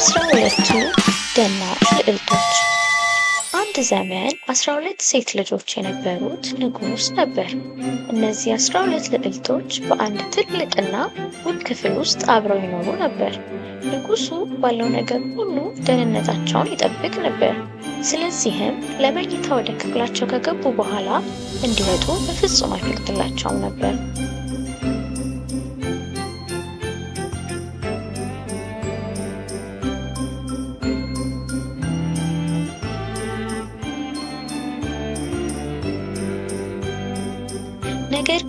አስራ ሁለቱ ደናቅ ልዕልቶች። አንድ ዘመን አስራ ሁለት ሴት ልጆች የነበሩት ንጉስ ነበር። እነዚህ አስራ ሁለት ልዕልቶች በአንድ ትልቅና ውብ ክፍል ውስጥ አብረው ይኖሩ ነበር። ንጉሱ ባለው ነገር ሁሉ ደህንነታቸውን ይጠብቅ ነበር። ስለዚህም ለመኝታ ወደ ክፍላቸው ከገቡ በኋላ እንዲወጡ በፍጹም አይፈቅድላቸውም ነበር።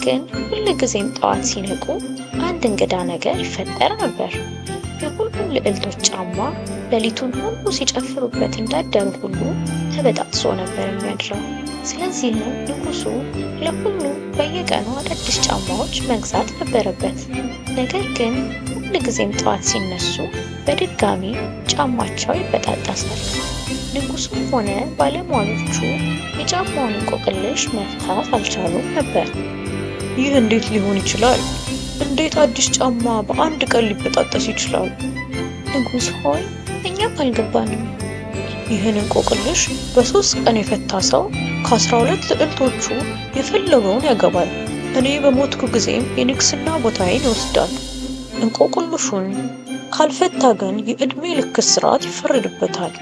ግን ጊዜም ጠዋት ሲነቁ አንድ እንግዳ ነገር ይፈጠር ነበር። የሁሉም ልዕልቶች ጫማ ሌሊቱን ሁሉ ሲጨፍሩበት እንዳደሩ ሁሉ ተበጣጥሶ ነበር የሚያድረው። ስለዚህም ንጉሱ ለሁሉ በየቀኑ አዳዲስ ጫማዎች መግዛት ነበረበት። ነገር ግን ጊዜም ጠዋት ሲነሱ በድጋሚ ጫማቸው ይበጣጠሳል። ንጉሱም ሆነ ባለሟሎቹ የጫማውን እንቆቅልሽ መፍታት አልቻሉም ነበር። ይህ እንዴት ሊሆን ይችላል? እንዴት አዲስ ጫማ በአንድ ቀን ሊበጣጠስ ይችላል? ንጉሥ ሆይ እኛም አልገባንም። ይህን እንቆቅልሽ በሶስት ቀን የፈታ ሰው ከአስራ ሁለት ልዕልቶቹ የፈለገውን ያገባል። እኔ በሞትኩ ጊዜም የንግስና ቦታዬን ይወስዳል። እንቆቅልሹን ካልፈታ ግን የዕድሜ ልክ እስራት ይፈረድበታል።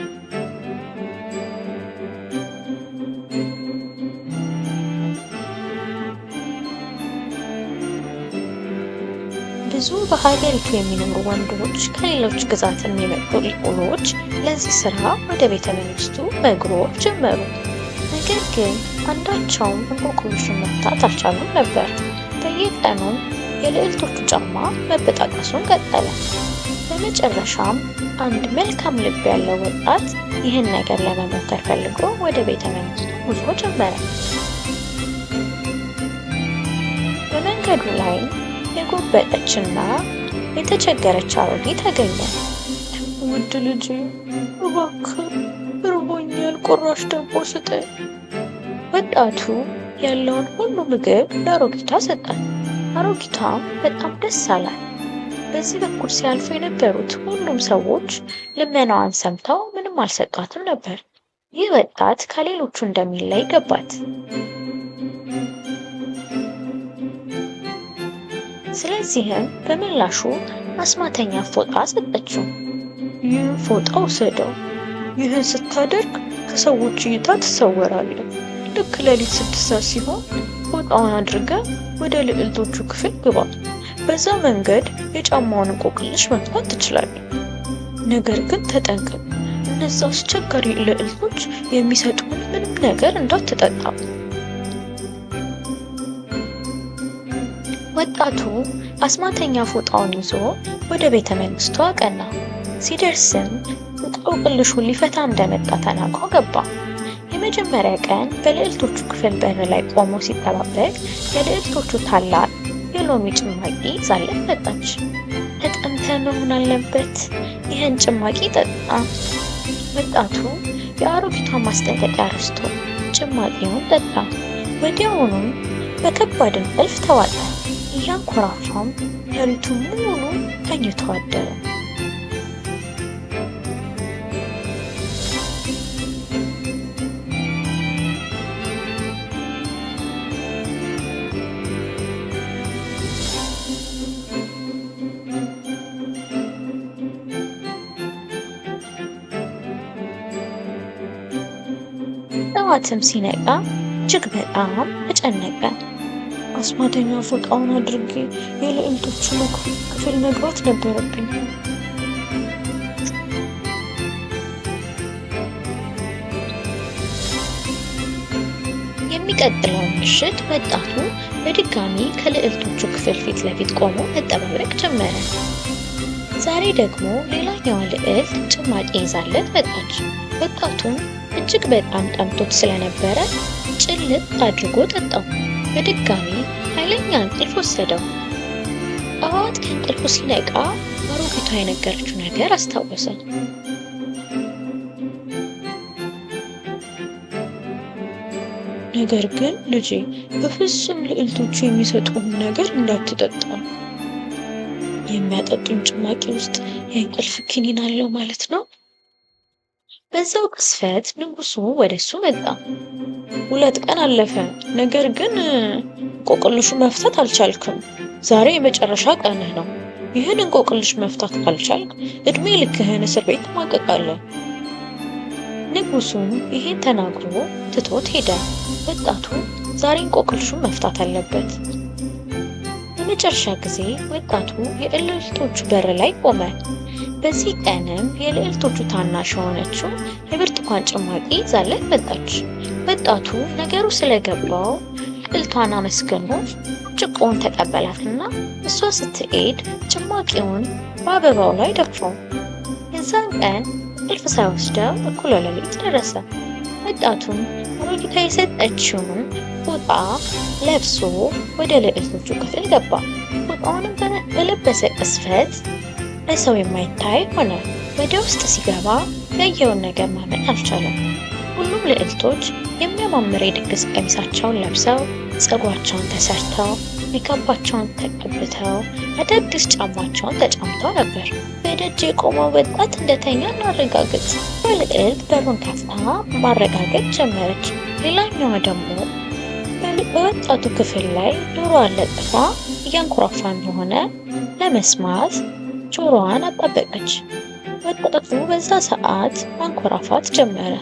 ብዙ በሀገሪቱ የሚኖሩ ወንዶች ከሌሎች ግዛት የሚመጡ ዲቁኖች ለዚህ ስራ ወደ ቤተ መንግስቱ መግሮብ ጀመሩ። ነገር ግን አንዳቸውም እንቆቅልሹን መፍታት አልቻሉም ነበር። በየቀኑም የልዕልቶቹ ጫማ መበጣጠሱን ቀጠለ። በመጨረሻም አንድ መልካም ልብ ያለው ወጣት ይህን ነገር ለመሞከር ፈልጎ ወደ ቤተ መንግስቱ ጉዞ ጀመረ። በመንገዱ ላይም ጎበጠችና የተቸገረች አሮጊ ተገኘ። ውድ ልጄ እባክህ ርቦኛል፣ ቁራሽ ዳቦ ስጠኝ። ወጣቱ ያለውን ሁሉ ምግብ ለአሮጊቷ ሰጣት። አሮጊቷም በጣም ደስ አላት። በዚህ በኩል ሲያልፉ የነበሩት ሁሉም ሰዎች ልመናዋን ሰምተው ምንም አልሰጧትም ነበር። ይህ ወጣት ከሌሎቹ እንደሚለይ ገባት። ስለዚህም በምላሹ አስማተኛ ፎጣ ሰጠችው። ይህ ፎጣ ውሰደው፣ ይህን ስታደርግ ከሰዎች እይታ ትሰወራለህ። ልክ ሌሊት ስድስት ሰዓት ሲሆን ፎጣውን አድርገ ወደ ልዕልቶቹ ክፍል ግባ። በዛ መንገድ የጫማውን እንቆቅልሽ መፍታት ትችላለህ። ነገር ግን ተጠንቀቅ፣ እነዛ አስቸጋሪ ልዕልቶች የሚሰጡን ምንም ነገር እንዳትጠጣ። ወጣቱ አስማተኛ ፎጣውን ይዞ ወደ ቤተ መንግስቱ አቀና። ሲደርስም ዕጣው ቅልሹን ሊፈታ እንደመጣ ተናግሮ ገባ። የመጀመሪያ ቀን በልዕልቶቹ ክፍል በር ላይ ቆሞ ሲጠባበቅ የልዕልቶቹ ታላቅ የሎሚ ጭማቂ ዛለን መጣች። ተጠምተ መሆን አለበት፣ ይህን ጭማቂ ጠጣ። ወጣቱ የአሮጊቷ ማስጠንቀቂያ ረስቶ ጭማቂውን ጠጣ። ወዲያውኑም በከባድ እንቅልፍ ተዋጠ። እያንኮራፋም ሌሊቱን ሙሉ ተኝቶ አደረ። ጠዋትም ሲነቃ እጅግ በጣም ተጨነቀ። አስማተኛ ፎጣውን አድርጌ የልዕልቶቹን ክፍል መግባት ነበረብኝ። የሚቀጥለውን ምሽት ወጣቱ በድጋሚ ከልዕልቶቹ ክፍል ፊት ለፊት ቆሞ መጠባበቅ ጀመረ። ዛሬ ደግሞ ሌላኛዋ ልዕልት ጭማቂ ይዛለት መጣች። ወጣቱም እጅግ በጣም ጠምቶት ስለነበረ ጭልጥ አድርጎ ጠጣው። በድጋሚ ኃይለኛ እንቅልፍ ወሰደው። ጠዋት ከእንቅልፉ ሲነቃ አሮጊቷ የነገረችው ነገር አስታወሰ። ነገር ግን ልጄ በፍጹም ልዕልቶቹ የሚሰጡን ነገር እንዳትጠጣ፣ የሚያጠጡን ጭማቂ ውስጥ የእንቅልፍ ክኒን አለው ማለት ነው በዛው ቅስፈት ንጉሱ ወደሱ መጣ። ሁለት ቀን አለፈ። ነገር ግን እንቆቅልሹ መፍታት አልቻልክም። ዛሬ የመጨረሻ ቀንህ ነው። ይህን እንቆቅልሽ መፍታት ካልቻልክ እድሜ ልክህን እስር ቤት ትማቀቃለህ። ንጉሱም ይህን ተናግሮ ትቶት ሄደ። ወጣቱ ዛሬ እንቆቅልሹን መፍታት አለበት። በመጨረሻ ጊዜ ወጣቱ የእልልቶቹ በር ላይ ቆመ። በዚህ ቀንም የልዕልቶቹ ታናሽ የሆነችው የብርቱካን ጭማቂ ይዛለት መጣች። ወጣቱ ነገሩ ስለገባው ልዕልቷን አመስግኖ ጭቆውን ተቀበላትና እሷ ስትሄድ ጭማቂውን በአበባው ላይ ደፎ የዛን ቀን እልፍ ሳይወስደው እኩለ ሌሊት ደረሰ። ወጣቱም ሮጊታ የሰጠችውን ፎጣ ለብሶ ወደ ልዕልቶቹ ክፍል ገባ። ፎጣውንም በለበሰ ቅስፈት ለሰው የማይታይ ሆነ። ወደ ውስጥ ሲገባ ያየውን ነገር ማመን አልቻለም። ሁሉም ልዕልቶች የሚያማምር የድግስ ቀሚሳቸውን ለብሰው፣ ፀጉራቸውን ተሰርተው፣ ሜካባቸውን ተቀብተው፣ አዳዲስ ጫማቸውን ተጫምተው ነበር። በደጅ የቆመው ወጣት እንደተኛ እናረጋግጥ። በልዕልት በሩን ከፍታ ማረጋገጥ ጀመረች። ሌላኛዋ ደግሞ በወጣቱ ክፍል ላይ ጆሮዋን አለጥፋ እያንኮራፋ እንደሆነ ለመስማት ጆሮዋን አጣበቀች። መጣጣቱ በዛ ሰዓት ማንኮራፋት ጀመረ።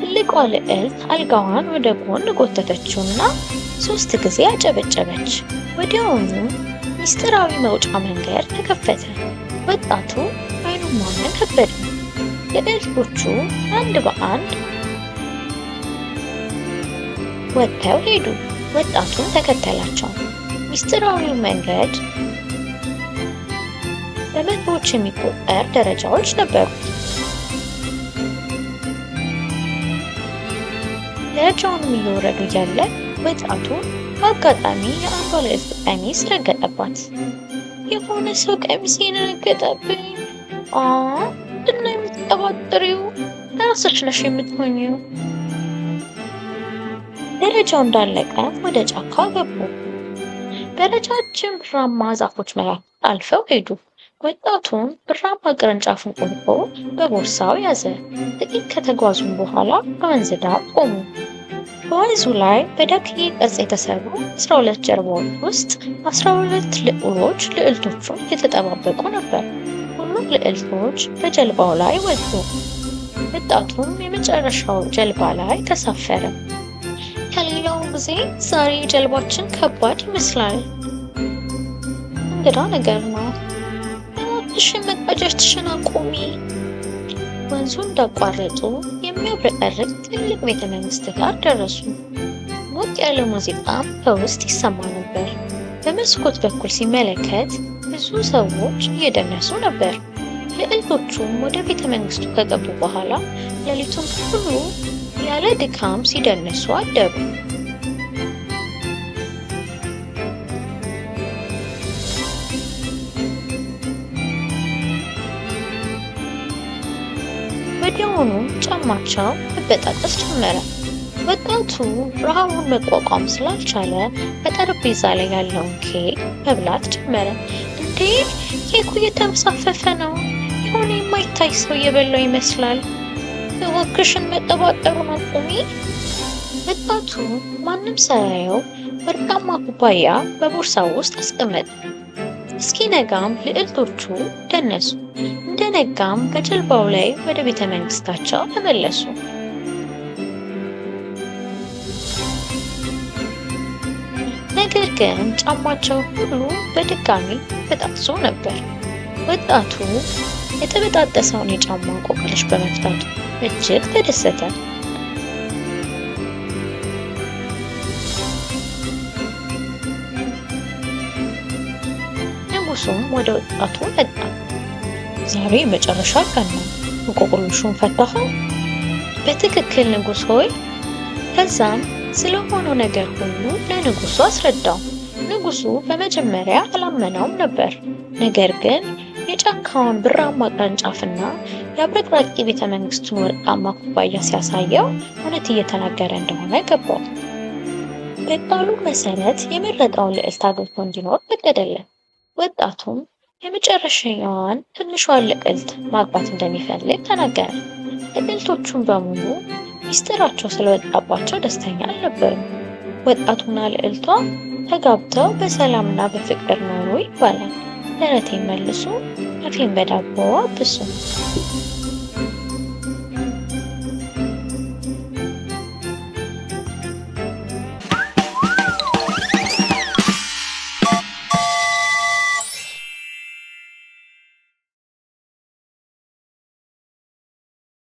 ትልቋ ልዕልት አልጋዋን ወደ ጎን ጎተተችውና ሶስት ጊዜ አጨበጨበች። ወዲያውኑ ሚስጥራዊ መውጫ መንገድ ተከፈተ። ወጣቱ አይኑን ማመን ከበደ። ልዕልቶቹ አንድ በአንድ ወጥተው ሄዱ። ወጣቱን ተከተላቸው። ምስጢራዊው መንገድ በመቶዎች የሚቆጠር ደረጃዎች ነበሩት። ደረጃውንም እየወረዱ እያለ ወጣቱ በአጋጣሚ የአንዷ እህቱ ቀሚስ ረገጠባት። የሆነ ሰው ቀሚስ ረገጠብኝ። አ እና የምትቀባጥሪው ራስሽ ነሽ የምትሆኚው። ደረጃው እንዳለቀ ወደ ጫካ ገቡ። በረጃጅም ብርማ ዛፎች መካከል አልፈው ሄዱ። ወጣቱም ብራማ ቅርንጫፉን ቆርጦ በቦርሳው ያዘ። ጥቂት ከተጓዙም በኋላ በወንዝ ዳር ቆሙ። በወንዙ ላይ በዳክዬ ቅርጽ የተሰሩ 12 ጀርባዎች ውስጥ 12 ልዑሎች ልዕልቶቹን እየተጠባበቁ ነበር። ሁሉም ልዕልቶች በጀልባው ላይ ወጡ። ወጣቱም የመጨረሻው ጀልባ ላይ ተሳፈረ። ጊዜ ዛሬ ጀልባችን ከባድ ይመስላል። እንግዳ ነገር ነው። እባክሽን መቅዳትሽን አቁሚ። ወንዙ እንዳቋረጡ የሚያብረቀርቅ ትልቅ ቤተ መንግስት ጋር ደረሱ። ሞቅ ያለ ሙዚቃም በውስጥ ይሰማ ነበር። በመስኮት በኩል ሲመለከት ብዙ ሰዎች እየደነሱ ነበር። ልዕልቶቹም ወደ ቤተ መንግስቱ ከገቡ በኋላ ሌሊቱን ሁሉ ያለ ድካም ሲደንሱ አደሩ። ፊርማቸው መበጣጠስ ጀመረ። ወጣቱ ረሃቡን መቋቋም ስላልቻለ በጠረጴዛ ላይ ያለውን ኬክ መብላት ጀመረ። እንዴ ኬኩ እየተመሳፈፈ ነው፣ የሆነ የማይታይ ሰው እየበላው ይመስላል። እባክሽን መጠባጠሩን አቁሚ። ወጣቱ ማንም ሳያየው ወርቃማ ኩባያ በቦርሳው ውስጥ አስቀመጠ። እስኪ ነጋም ልዕልቶቹ ደነሱ። እንደነጋም በጀልባው ላይ ወደ ቤተ መንግስታቸው ተመለሱ። ነገር ግን ጫማቸው ሁሉ በድጋሚ ተጣጥሶ ነበር። ወጣቱ የተበጣጠሰውን የጫማ እንቆቅልሽ በመፍታቱ እጅግ ተደሰተ። ንጉሱም ወደ ወጣቱ መጣ። ዛሬ መጨረሻ ቀን ነው። እንቆቅልሹን ፈታኸው? በትክክል ንጉሥ ሆይ። ከዛም ስለሆነው ነገር ሁሉ ለንጉሱ አስረዳው። ንጉሱ በመጀመሪያ አላመነውም ነበር። ነገር ግን የጫካውን ብርማ ቅርንጫፍና የአብረቅራቂ ቤተ መንግስቱን ወርቃማ ኩባያ ሲያሳየው እውነት እየተናገረ እንደሆነ ገባው። በቃሉ መሰረት የመረጠውን ልዕልት አግብቶ እንዲኖር ፈቀደለት። ወጣቱም የመጨረሻዋን ትንሿን ልዕልት ማግባት እንደሚፈልግ ተናገረ። ልዕልቶቹም በሙሉ ሚስጥራቸው ስለወጣባቸው ደስተኛ አልነበሩም። ወጣቱና ልዕልቷ ተጋብተው በሰላምና በፍቅር ኖሩ ይባላል። ተረቴን መልሱ አፌን በዳቦዋ ብሱ